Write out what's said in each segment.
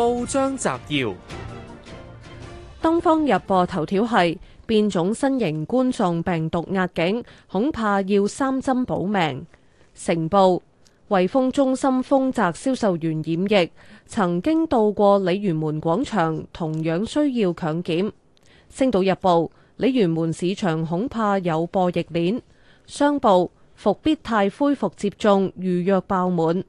報章摘要：東方日報頭條係變種新型冠狀病毒壓境，恐怕要三針保命。成報惠豐中心豐澤銷售員染疫，曾經到過鯉魚門廣場，同樣需要強檢。星島日報鯉魚門市場恐怕有播疫鏈。商報復必泰恢復接種預約爆滿。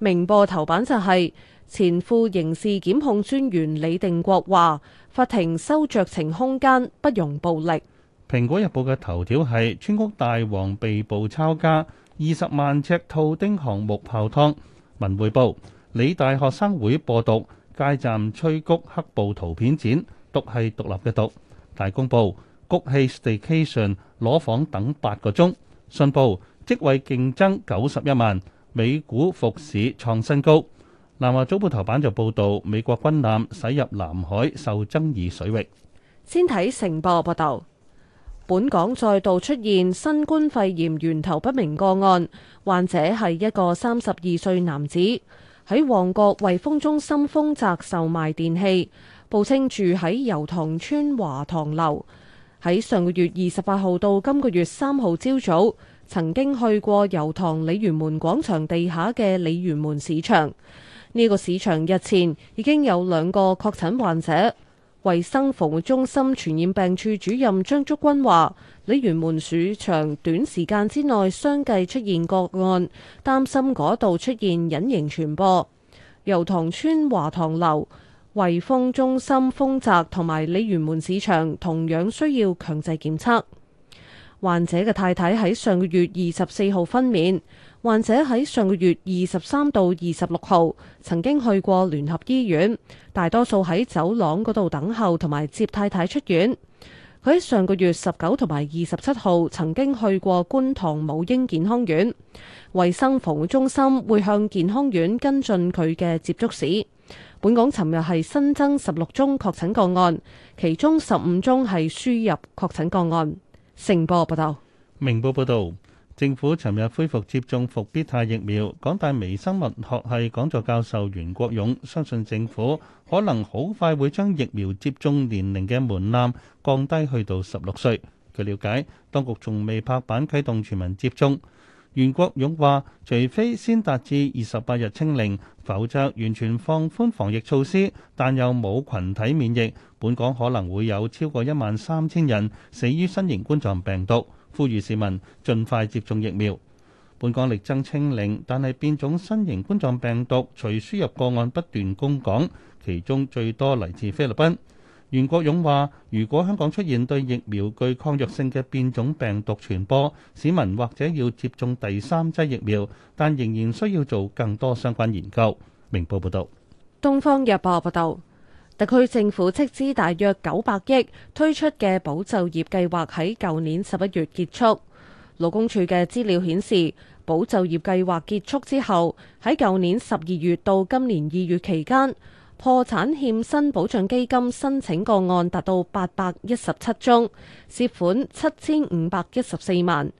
明報頭版就係、是。前副刑事檢控專員李定國話：法庭收酌情空間，不容暴力。《蘋果日報》嘅頭條係：村屋大王被捕抄家，二十萬尺套丁項目泡湯。《文匯報》：理大學生會播獨，街站吹谷黑暴圖片展，獨係獨立嘅獨。《大公報》：谷氣 Staycation 南華早報頭版就報道，美國軍艦駛入南海受爭議水域。先睇成報報道，本港再度出現新冠肺炎源頭不明個案，患者係一個三十二歲男子，喺旺角惠豐中心豐澤售賣電器，報稱住喺油塘村華塘樓。喺上個月二十八號到今個月三號朝早，曾經去過油塘鯉魚門廣場地下嘅鯉魚門市場。呢個市場日前已經有兩個確診患者，衞生防護中心傳染病處主任張竹君話：鯉魚門市場短時間之內相繼出現個案，擔心嗰度出現隱形傳播。油塘村華塘樓、惠豐中心、豐澤同埋鯉魚門市場同樣需要強制檢測。患者嘅太太喺上個月二十四號分娩。患者喺上個月二十三到二十六號曾經去過聯合醫院，大多數喺走廊嗰度等候同埋接太太出院。佢喺上個月十九同埋二十七號曾經去過觀塘母嬰健康院，衛生服務中心會向健康院跟進佢嘅接觸史。本港尋日係新增十六宗確診個案，其中十五宗係輸入確診個案。成報報道，明報報道。政府尋日恢復接種復必泰疫苗。港大微生物學系講座教授袁國勇相信政府可能好快會將疫苗接種年齡嘅門檻降低去到十六歲。據了解，當局仲未拍板啟動全民接種。袁國勇話：除非先達至二十八日清零，否則完全放寬防疫措施，但又冇群體免疫，本港可能會有超過一萬三千人死於新型冠狀病毒。呼籲市民盡快接種疫苗。本港力爭清零，但係變種新型冠狀病毒隨輸入個案不斷供港，其中最多嚟自菲律賓。袁國勇話，如果香港出現對疫苗具抗藥性嘅變種病毒傳播，市民或者要接種第三劑疫苗，但仍然需要做更多相關研究。明報報道。東方日報報道。特區政府斥資大約九百億推出嘅保就業計劃喺舊年十一月結束。勞工處嘅資料顯示，保就業計劃結束之後，喺舊年十二月到今年二月期間，破產欠薪保障基金申請個案達到八百一十七宗，涉款七千五百一十四萬。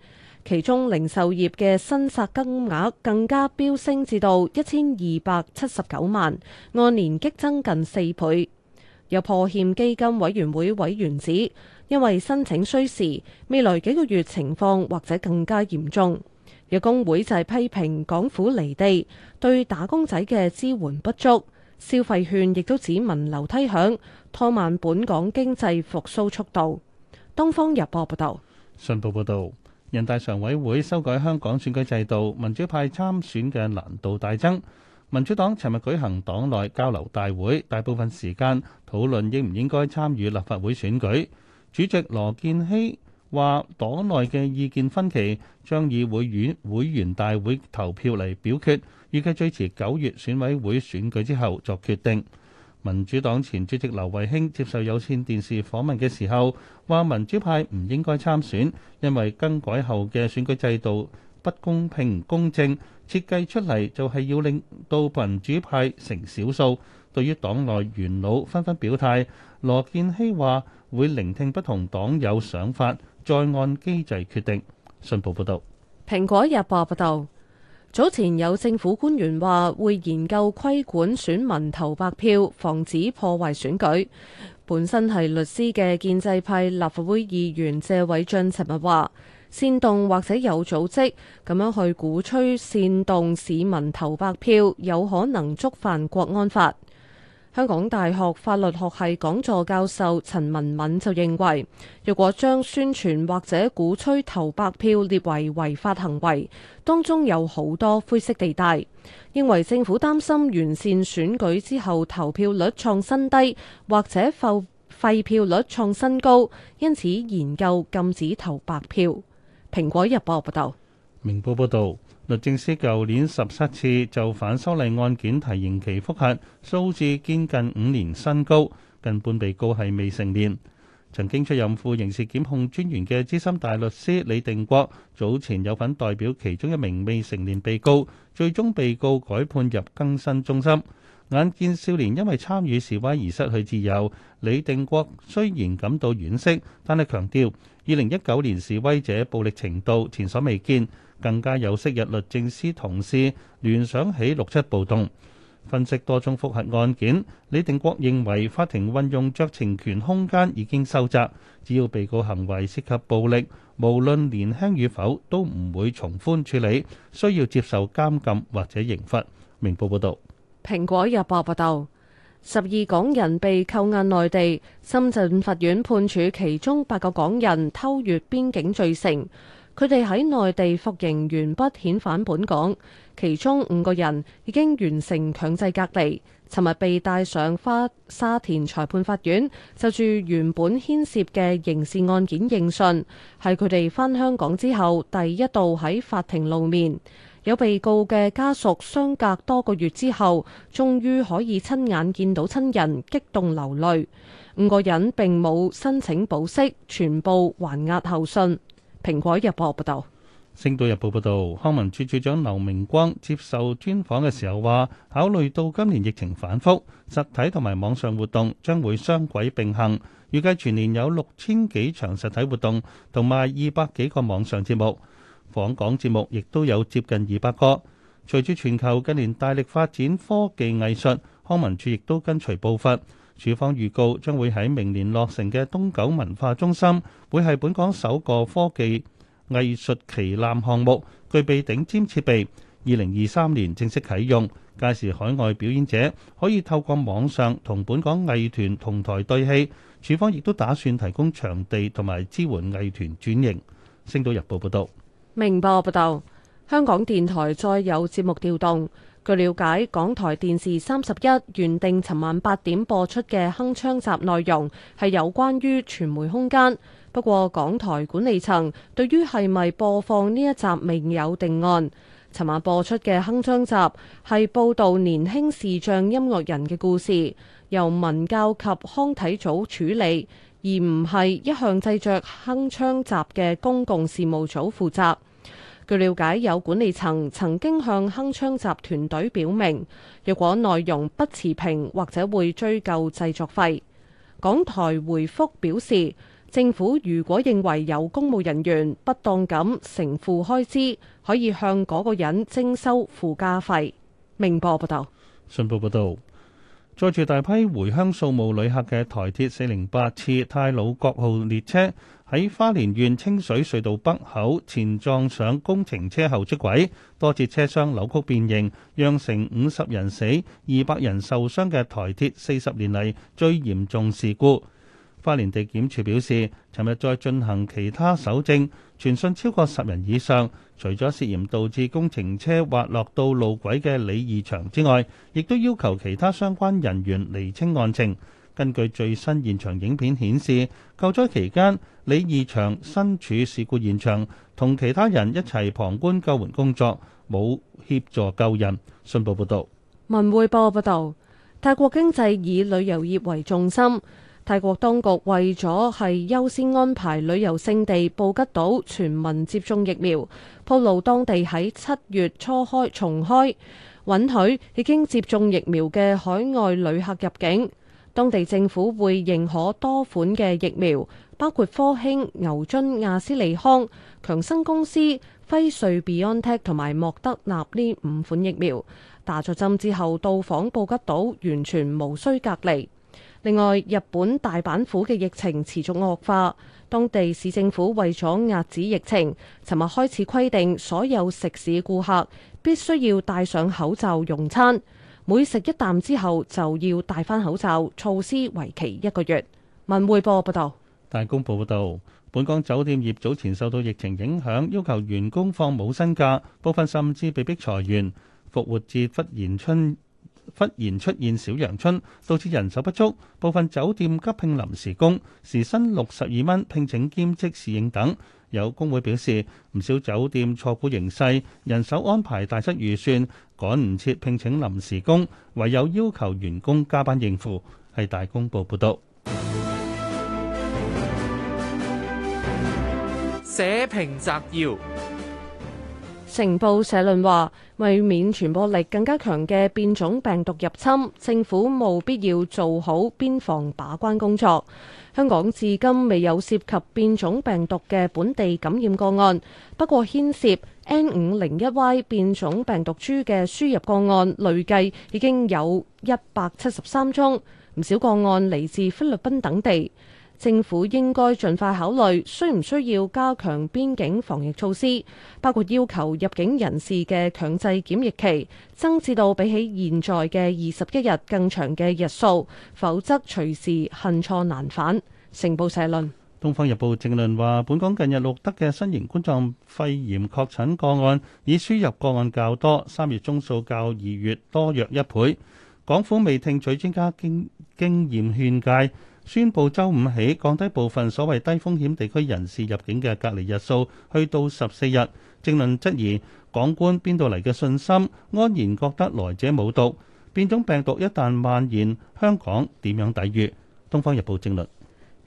其中零售業嘅新設金額更加飆升至到一千二百七十九萬，按年激增近四倍。有破欠基金委員會委員指，因為申請需時，未來幾個月情況或者更加嚴重。有工會就批評港府離地，對打工仔嘅支援不足，消費券亦都只聞樓梯響，拖慢本港經濟復甦速度。東方日報報道，信報報道。人大常委會修改香港選舉制度，民主派參選嘅難度大增。民主黨尋日舉行黨內交流大會，大部分時間討論應唔應該參與立法會選舉。主席羅健熙話，黨內嘅意見分歧將以會員會員大會投票嚟表決，預計最遲九月選委會選舉之後作決定。民主黨前早前有政府官員話會研究規管選民投白票，防止破壞選舉。本身係律師嘅建制派立法會議員謝偉俊尋日話，煽動或者有組織咁樣去鼓吹煽動市民投白票，有可能觸犯國安法。香港大學法律學系講座教授陳文敏就認為，若果將宣傳或者鼓吹投白票列為違法行為，當中有好多灰色地帶。認為政府擔心完善選舉之後投票率創新低，或者否廢票率創新高，因此研究禁止投白票。蘋果日報報道。明報報導，律政司舊年十七次就反修例案件提刑期覆核，數字堅近五年新高，近半被告係未成年。曾經出任副刑事檢控專員嘅資深大律師李定國，早前有份代表其中一名未成年被告，最終被告改判入更生中心。眼見少年因為參與示威而失去自由，李定國雖然感到惋惜，但係強調，二零一九年示威者暴力程度前所未見，更加有昔日律政司同事聯想起六七暴動，分析多宗複核案件。李定國認為法庭運用酌情權空間已經收窄，只要被告行為涉及暴力，無論年輕與否，都唔會從寬處理，需要接受監禁或者刑罰。明報報導。蘋果日報報、啊、道，十二港人被扣押內地，深圳法院判處其中八個港人偷越邊境罪成，佢哋喺內地服刑完畢遣返本港，其中五個人已經完成強制隔離，尋日被帶上花沙田裁判法院就住原本牽涉嘅刑事案件應訊，係佢哋返香港之後第一度喺法庭露面。有被告嘅家屬相隔多個月之後，終於可以親眼見到親人，激動流淚，五個人並冇申請保釋，全部還押候訊。蘋果日報報道。星島日報報道，康文署署長劉明光接受專訪嘅時候話，考慮到今年疫情反覆，實體同埋網上活動將會雙軌並行，預計全年有六千幾場實體活動同埋二百幾個網上節目。訪港節目亦都有接近二百個。隨住全球近年大力發展科技藝術，康文署亦都跟隨步伐。署方預告將會喺明年落成嘅東九文化中心，會係本港首個科技藝術旗艦項目，具備頂尖設備。二零二三年正式啟用，屆時海外表演者可以透過網上同本港藝團同台對戲。署方亦都打算提供場地同埋支援藝團轉型。星島日報報導。明報報道，香港電台再有節目調動。據了解，港台電視三十一原定尋晚八點播出嘅鏗鏘集內容係有關於傳媒空間，不過港台管理層對於係咪播放呢一集未有定案。尋晚播出嘅鏗鏘集係報道年輕視像音樂人嘅故事，由文教及康體組處理。而唔係一向製作鏗鏘集嘅公共事務組負責。據了解，有管理層曾經向鏗鏘集團隊表明，若果內容不持平，或者會追究製作費。港台回覆表示，政府如果認為有公務人員不當咁承付開支，可以向嗰個人徵收附加費。明報報道。信報報道，載住大批回鄉掃墓旅客嘅台鐵四零八次太魯閣號列車喺花蓮縣清水隧道北口前撞上工程車後出軌，多節車廂扭曲變形，釀成五十人死、二百人受傷嘅台鐵四十年嚟最嚴重事故。花蓮地檢署表示，尋日再進行其他搜證，傳訊超過十人以上。除咗涉嫌導致工程車滑落到路軌嘅李義祥之外，亦都要求其他相關人員釐清案情。根據最新現場影片顯示，救災期間，李義祥身處事故現場，同其他人一齊旁觀救援工作，冇協助救人。信報報道。文匯報報道，泰國經濟以旅遊業為重心。泰國當局為咗係優先安排旅遊勝地布吉島全民接種疫苗，鋪路當地喺七月初開重開，允許已經接種疫苗嘅海外旅客入境。當地政府會認可多款嘅疫苗，包括科興、牛津、亞斯利康、強生公司、輝瑞、BioNTech 同埋莫德納呢五款疫苗。打咗針之後到訪布吉島完全無需隔離。另外，日本大阪府嘅疫情持續惡化，當地市政府為咗壓止疫情，尋日開始規定所有食肆顧客必須要戴上口罩用餐，每食一啖之後就要戴翻口罩。措施為期一個月。文匯報報道，大公報報道，本港酒店業早前受到疫情影響，要求員工放冇薪假，部分甚至被逼裁員。復活節忽然春忽然出現小陽春，導致人手不足，部分酒店急聘臨時工，時薪六十二蚊，聘請兼職侍應等。有工會表示，唔少酒店錯估形勢，人手安排大失預算，趕唔切聘請臨時工，唯有要求員工加班應付。係大公報報導，社評摘要。《明報社論話：為免傳播力更加強嘅變種病毒入侵，政府務必要做好邊防把關工作。香港至今未有涉及變種病毒嘅本地感染個案，不過牽涉 N 五零一 Y 變種病毒株嘅輸入個案累計已經有一百七十三宗，唔少個案嚟自菲律賓等地。政府應該盡快考慮需唔需要加強邊境防疫措施，包括要求入境人士嘅強制檢疫期，增至到比起現在嘅二十一日更長嘅日數，否則隨時恨錯難返。成報社論，《東方日報》正論話：本港近日錄得嘅新型冠狀肺炎確診個案，以輸入個案較多，三月中數較二月多約一倍。港府未聽取專家經經驗勸誡。宣布周五起降低部分所謂低風險地區人士入境嘅隔離日數，去到十四日。政論質疑港官邊度嚟嘅信心，安然覺得來者冇毒，變種病毒一旦蔓延，香港點樣抵禦？東方日報政論。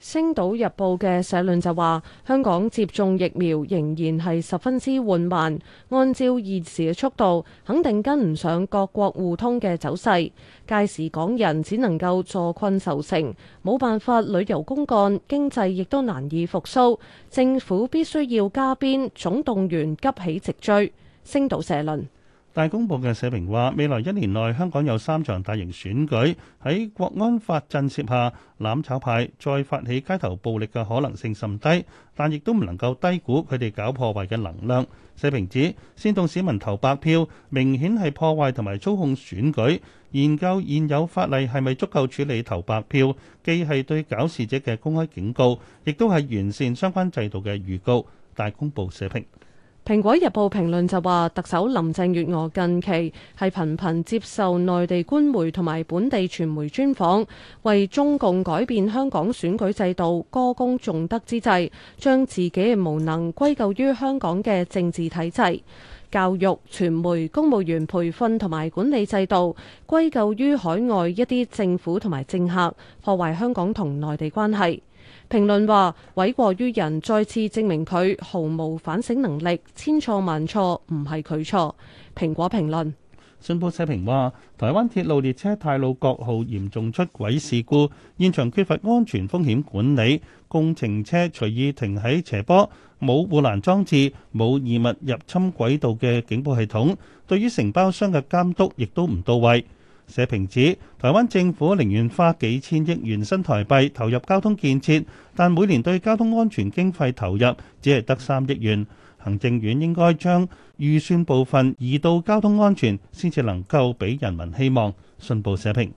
《星島日報》嘅社論就話：香港接種疫苗仍然係十分之緩慢，按照現時嘅速度，肯定跟唔上各國互通嘅走勢。屆時港人只能夠坐困愁城，冇辦法旅遊公幹，經濟亦都難以復甦。政府必須要加鞭總動員，急起直追。星島社論。大公報嘅社評話：未來一年內，香港有三場大型選舉，喺國安法震懾下，攬炒派再發起街頭暴力嘅可能性甚低，但亦都唔能夠低估佢哋搞破壞嘅能量。社評指煽動市民投白票，明顯係破壞同埋操控選舉。研究現有法例係咪足夠處理投白票，既係對搞事者嘅公開警告，亦都係完善相關制度嘅預告。大公報社評。《蘋果日報》評論就話，特首林鄭月娥近期係頻頻接受內地官媒同埋本地傳媒專訪，為中共改變香港選舉制度歌功頌德之際，將自己無能歸咎於香港嘅政治體制、教育、傳媒、公務員培訓同埋管理制度，歸咎於海外一啲政府同埋政客，破壞香港同內地關係。評論話：委過於人，再次證明佢毫無反省能力，千錯萬錯唔係佢錯。蘋果評論，信報社評話：台灣鐵路列車太魯閣號嚴重出軌事故，現場缺乏安全風險管理，工程車隨意停喺斜坡，冇護欄裝置，冇異物入侵軌道嘅警報系統，對於承包商嘅監督亦都唔到位。社評指台灣政府寧願花幾千億元新台幣投入交通建設，但每年對交通安全經費投入只係得三億元。行政院應該將預算部分移到交通安全，先至能夠俾人民希望。信報社評。